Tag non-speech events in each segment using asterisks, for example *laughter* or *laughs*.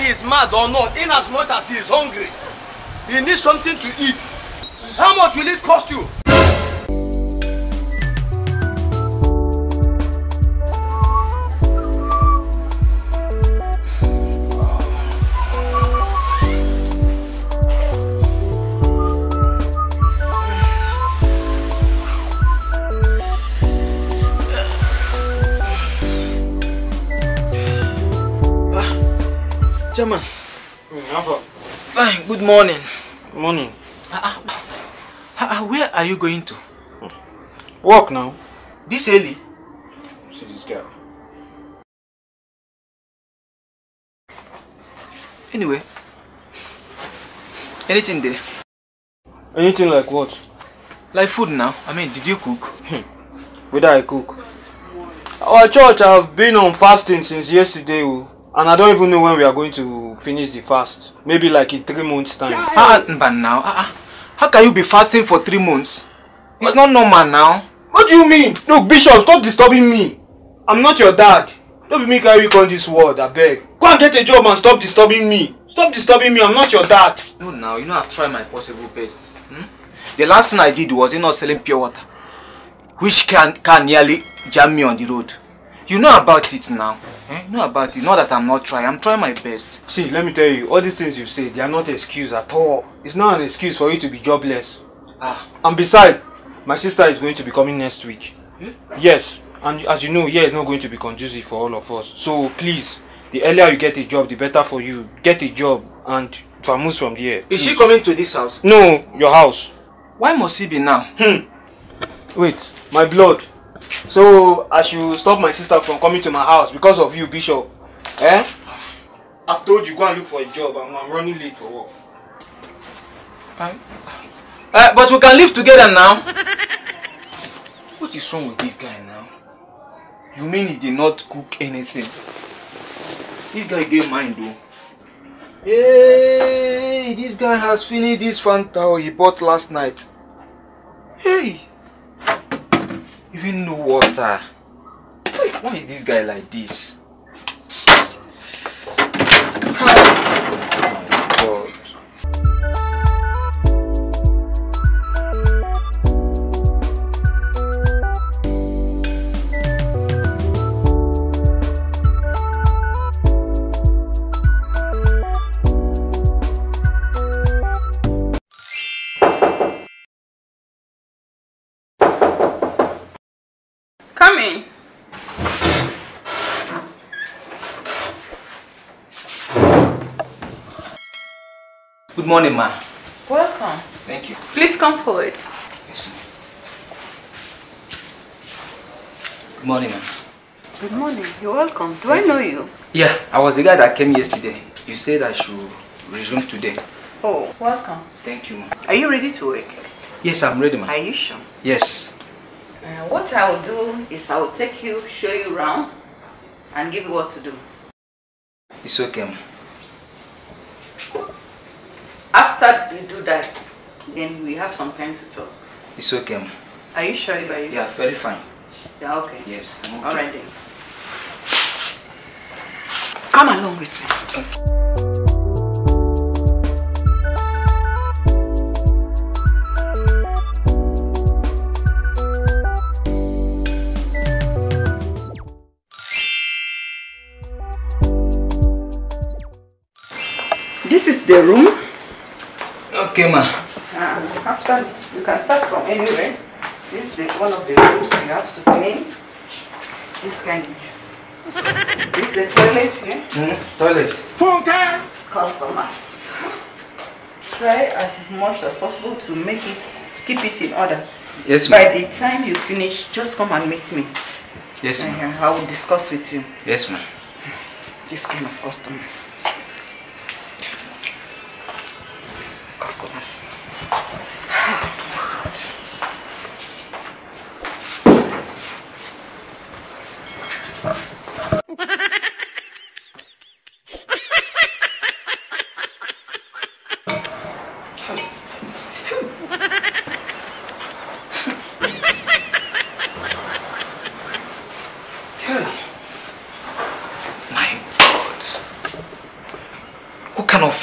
he is mad or not in as much as he is hungry he needs something to eat how much will it cost you Chairman. Mm, good morning. Good morning. Uh, uh, where are you going to? Work now. This early? See this girl. Anyway, anything there? Anything like what? Like food now. I mean, did you cook? Hmm. Whether I cook? Our church have been on fasting since yesterday. Oh. and i don't even know when we are going to finish the fast maybe like in three months time. ah but now ah, ah how can you be fasting for three months it's not normal now. what do you mean look bishop stop disturbing me i'm not your dad Don't be me carry you come this world abeg go and get a job and stop disturbing me stop disturbing me i'm not your dad. no now you know i've tried my possible best hmm? the last thing i did was you know selling pure water which can can nearly jam me on the road You know about it now. Eh? You know about it. Not that I'm not trying. I'm trying my best. See, let me tell you, all these things you say, they are not excuse at all. It's not an excuse for you to be jobless. Ah. And besides, my sister is going to be coming next week. Hmm? Yes. And as you know, here is not going to be conducive for all of us. So please, the earlier you get a job, the better for you. Get a job and move from here. Is she coming to this house? No, your house. Why must he be now? Hmm. Wait, my blood. So I should stop my sister from coming to my house because of you, Bishop. Eh? I've told you go and look for a job and I'm running late for work. Uh, but we can live together now. *laughs* What is wrong with this guy now? You mean he did not cook anything? This guy gave mind though. Hey, this guy has finished this Fanta he bought last night. Hey! even know water. Why is this guy like this? Good morning, ma. Welcome. Thank you. Please come forward. Yes, Good morning, ma. Good morning. You're welcome. Do Thank I know you? Yeah, I was the guy that came yesterday. You said I should resume today. Oh, welcome. Thank you, ma. Are you ready to work? Yes, I'm ready, ma. Are you sure? Yes. Uh, what I'll do is I'll take you, show you around, and give you what to do. It's okay, ma after we do that, then we have some time to talk. It's okay. Are you sure about it? Yeah, very fine. Yeah, okay. Yes, I'm okay. All right then. Come along with me. Okay. This is the room Okay, ma. Ah, after, you can start from anywhere. This is the, one of the rooms you have to clean. This kind of this. This is the toilet here. Mm, toilet. Full Customers. Try as much as possible to make it, keep it in order. Yes, ma'am. By the time you finish, just come and meet me. Yes, ma'am. Uh, I will discuss with you. Yes, ma'am. This kind of customers. customers. *laughs*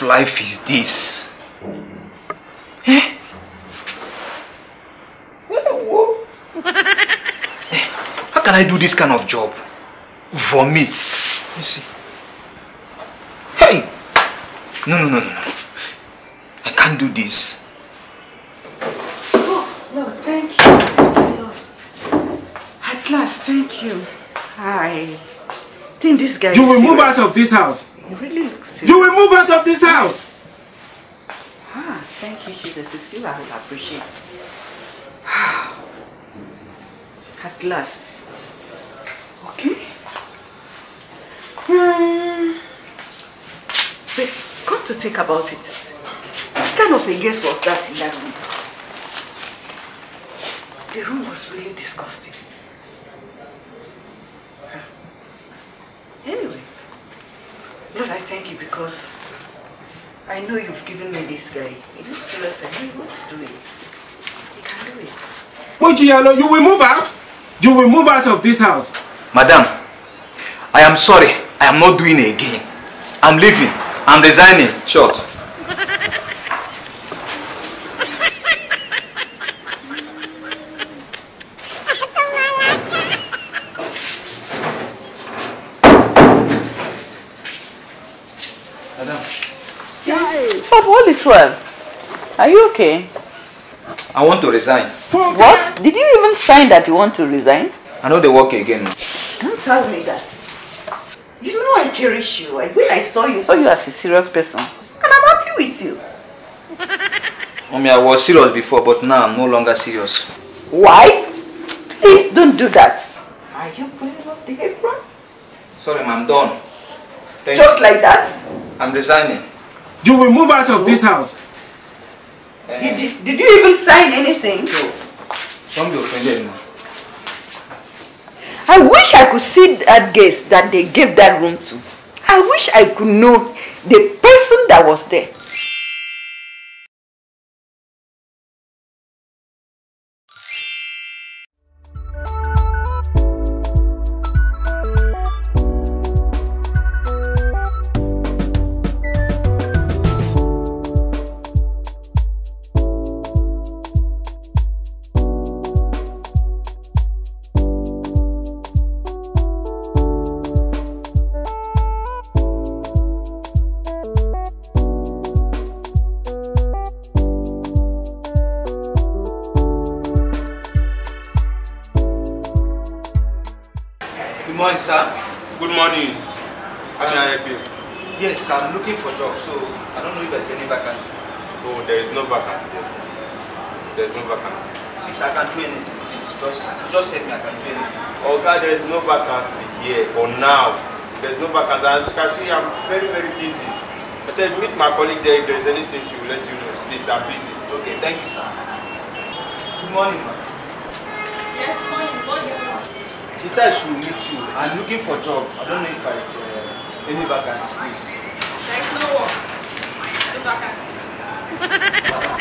life is this? can I do this kind of job? Vomit. You see. Hey! No, no, no, no, no. I can't do this. Oh, no, thank you. At last, thank you. I think this guy You will serious. move out of this house. Really you will move out of this house. Yes. Ah, thank you, Jesus. It's you I will appreciate. At last. Hmm. Uh, but come to think about it, what kind of a guest was that in that room? The room was really disgusting. Anyway, Lord, I thank you because I know you've given me this guy. He looks serious and he wants to do it. He can do it. Mojiano, you will move out. You will move out of this house. Madam, I am sorry. I am not doing it again. I'm leaving. I'm resigning. Short. Bob, all is well. Are you okay? I want to resign. What? Did you even sign that you want to resign? I know they work again. Don't tell me that. You know I cherish you. When I saw you. I saw you as a serious person. And I'm happy with you. Mommy, I was serious before, but now I'm no longer serious. Why? Please don't do that. Are you pulling up the apron? Sorry, ma'am, done. Thank Just you. like that? I'm resigning. You will move out of this house. Uh, did, you, did you even sign anything? No. Don't be offended, ma'am. I wish I could see that guest that they gave that room to. I wish I could know the person that was there. job, so I don't know if there's any vacancy. Oh, there is no vacancy, yes. there's no vacancy. Since I can do anything, please, just, just help me, I can do anything. Oh God, there is no vacancy here for now. There's no vacancy. As you can see, I'm very, very busy. I said, meet my colleague there. If there's anything, she will let you know. Please, I'm busy. Okay, thank you, sir. Good morning, ma'am. Yes, morning. Morning, ma'am. She said she will meet you. I'm looking for a job. I don't know if I uh, any vacancy, please no work. Look back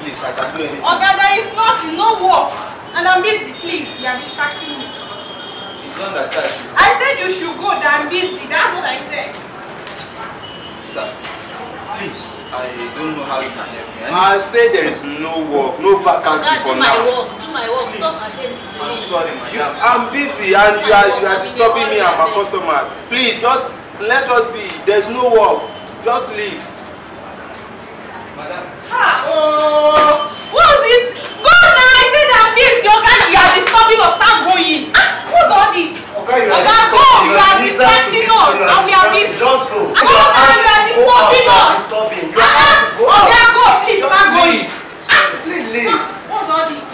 Please, I can do anything. Oh God, there is nothing, no work. And I'm busy, please. You are distracting me. It's not that I should go. I said you should go, that I'm busy. That's what I said. Sir, please, I don't know how you can help me. I, I say there is no work, no vacancy God, for now. Do my work, do my work. Please. Stop attending to I'm me. sorry, madam. I'm busy and you are, you are disturbing me. I'm a customer. Please, just let us be. There's no work. Just leave. Madam. Ha! Oh! What is it? Go now! I said that means your guy, you are disturbing us. Stop going. Ah, what's all this? Oga, okay, okay, go! You are distracting us. And we are busy. Just go. Go now! You are disturbing us. Disturbing. You are disturbing. Oga, go! Please, stop going. Ah, please leave. Ah, what's all this?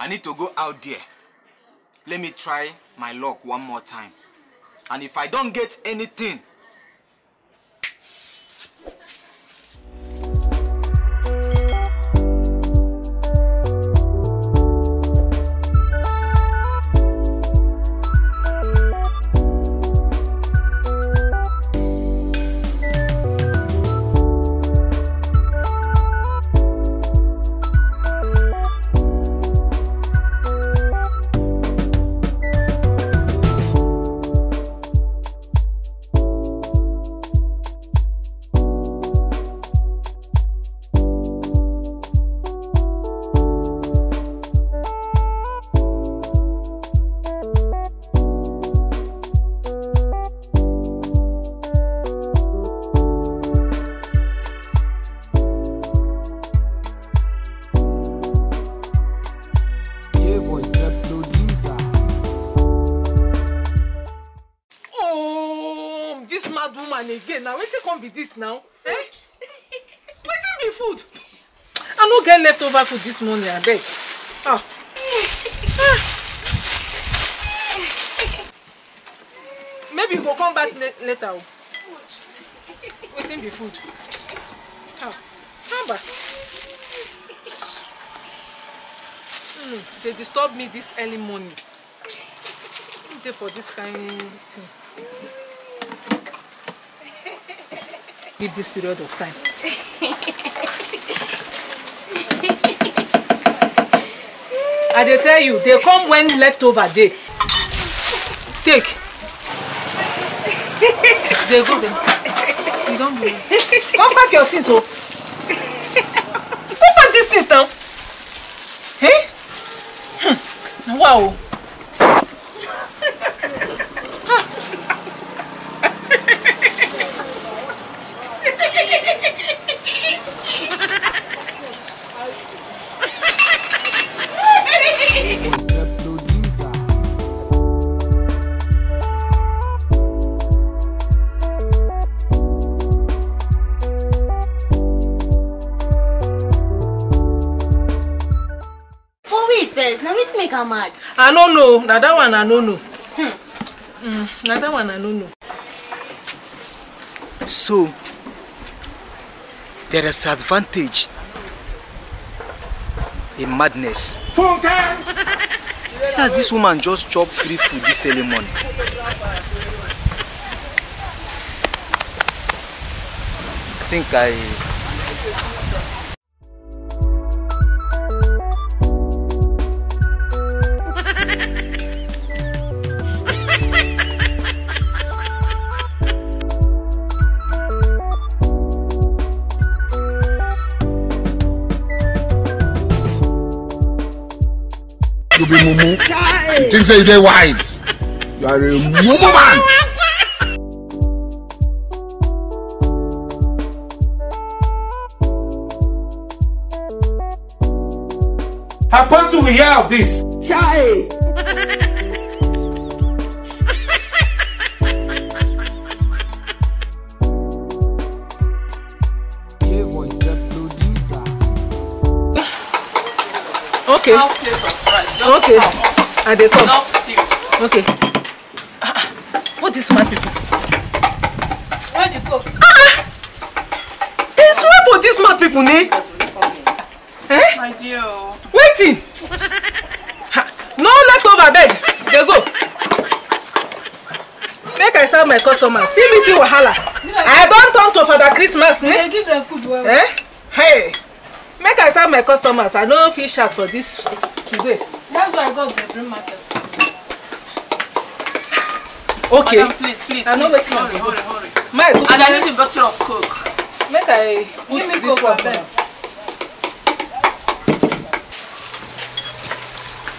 I need to go out there. Let me try my luck one more time. And if I don't get anything, be dis now eh wetin the food i no get leftover food this morning abeg ah. ah. maybe we'll come back later o oh. wetin be food ah. Come back. hmm dey disturb me this early morning dey for dis kain thing. leave this period of time. I dey tell you, they come when leftover day. Take. They go then. You don't believe. Come back your things, oh. Come back this things now. Hey? Eh? Hmm. Wow. sound mad. I don't know. Na that one I don't know. Hmm. Mm, na that one I don't know. So, there is advantage in madness. Funke! See as this woman just chopped free food this early morning. I think I Things think say they wise? You are a woman. How close do we hear of this? Chai! okay. Okay. I dey stop. Enough stew. Okay. Ah, what these smart people? Where you go? Ah! It's where for these smart people, ne? Eh? My dear. Waiting. no leftover bed. They go. Make I serve my customers. See me see wahala. I don't turn to Father Christmas, ne? They give them food well. Eh? Hey. Make I serve my customers. I no fish out for this today. That's why I go to the green market. Okay. Madam, please, please. I know waiting hurry, hurry, hurry. My good. And I need a bottle of coke. Make I put Give me this coke one. Then.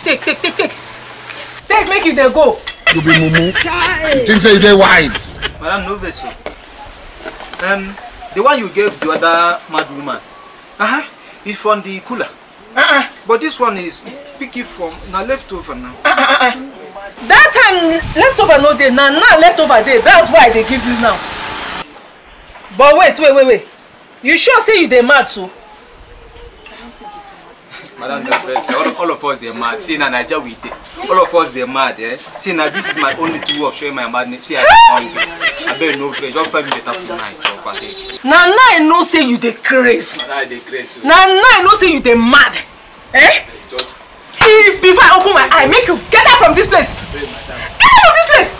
Take, take, take, take. Take, make it there go. You be mumu. You think say they wise. Madam, no vessel. Um, the one you gave the other mad woman. Uh huh. It's from the cooler. Uh-uh. But this one is picky from Now leftover now. Uh-uh. That time leftover no dey Now now leftover dey that's why they give you now. But wait wait wait wait you sure say you they mad too? So? Madam, that's very All, all of us, they're mad. See, now Niger we there. All of us, they're mad, eh? See, now this is my only tool of showing my madness. See, I'm found I bet no veg. Just find me better food now, chop and Now, now I know say you the crazy. Now Now, I know say you the mad. Eh? Just. before I open my eye, make you get out from this place. Get out from this place.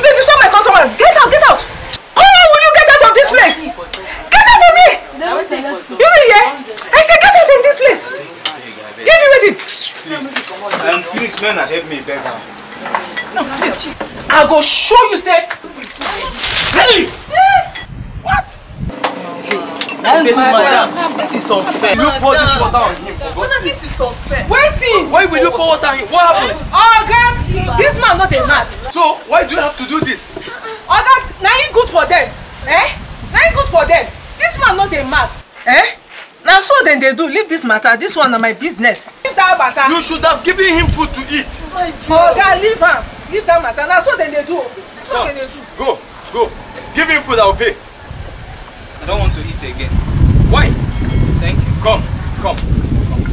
You dey disturb my customers. Get out, get out. Come on, will you get out of this place? Get out of me. You hear? I say get out from this place. Give me wetin. Please, um, please, men help me beg am. No, please. I go show you sir. Hey! What? Thank you, madam. This is unfair. You pour this water on him for This is unfair. Waiting. Why will you pour water on him? What happened? Oh God, this man not a nut. So why do you have to do this? Oh God, now you good for them. Eh? Now you good for them. This man not a mad. Eh? na so dem dey do leave dis matter dis one na my business. leave dat matter. you should have given him food to eat. oga leave am leave dat matter na so dem dey do oh. so dem dey do. go go give him food i will pay. i don want to eat again. why. thank you. come come come.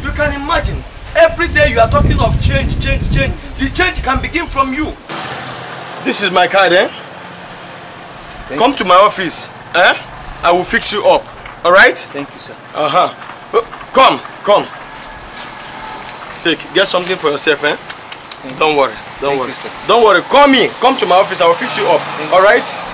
you can imagine every day you are talking of change change change the change can begin from you. this is my card eh. Thank come you. to my office eh? i will fix you up. All right? Thank you, sir. Uh-huh. Oh, come, come. Take, get something for yourself, eh? Thank don't you. worry, don't Thank worry. You, don't worry, call me. Come to my office, I will fix you up. Thank All right?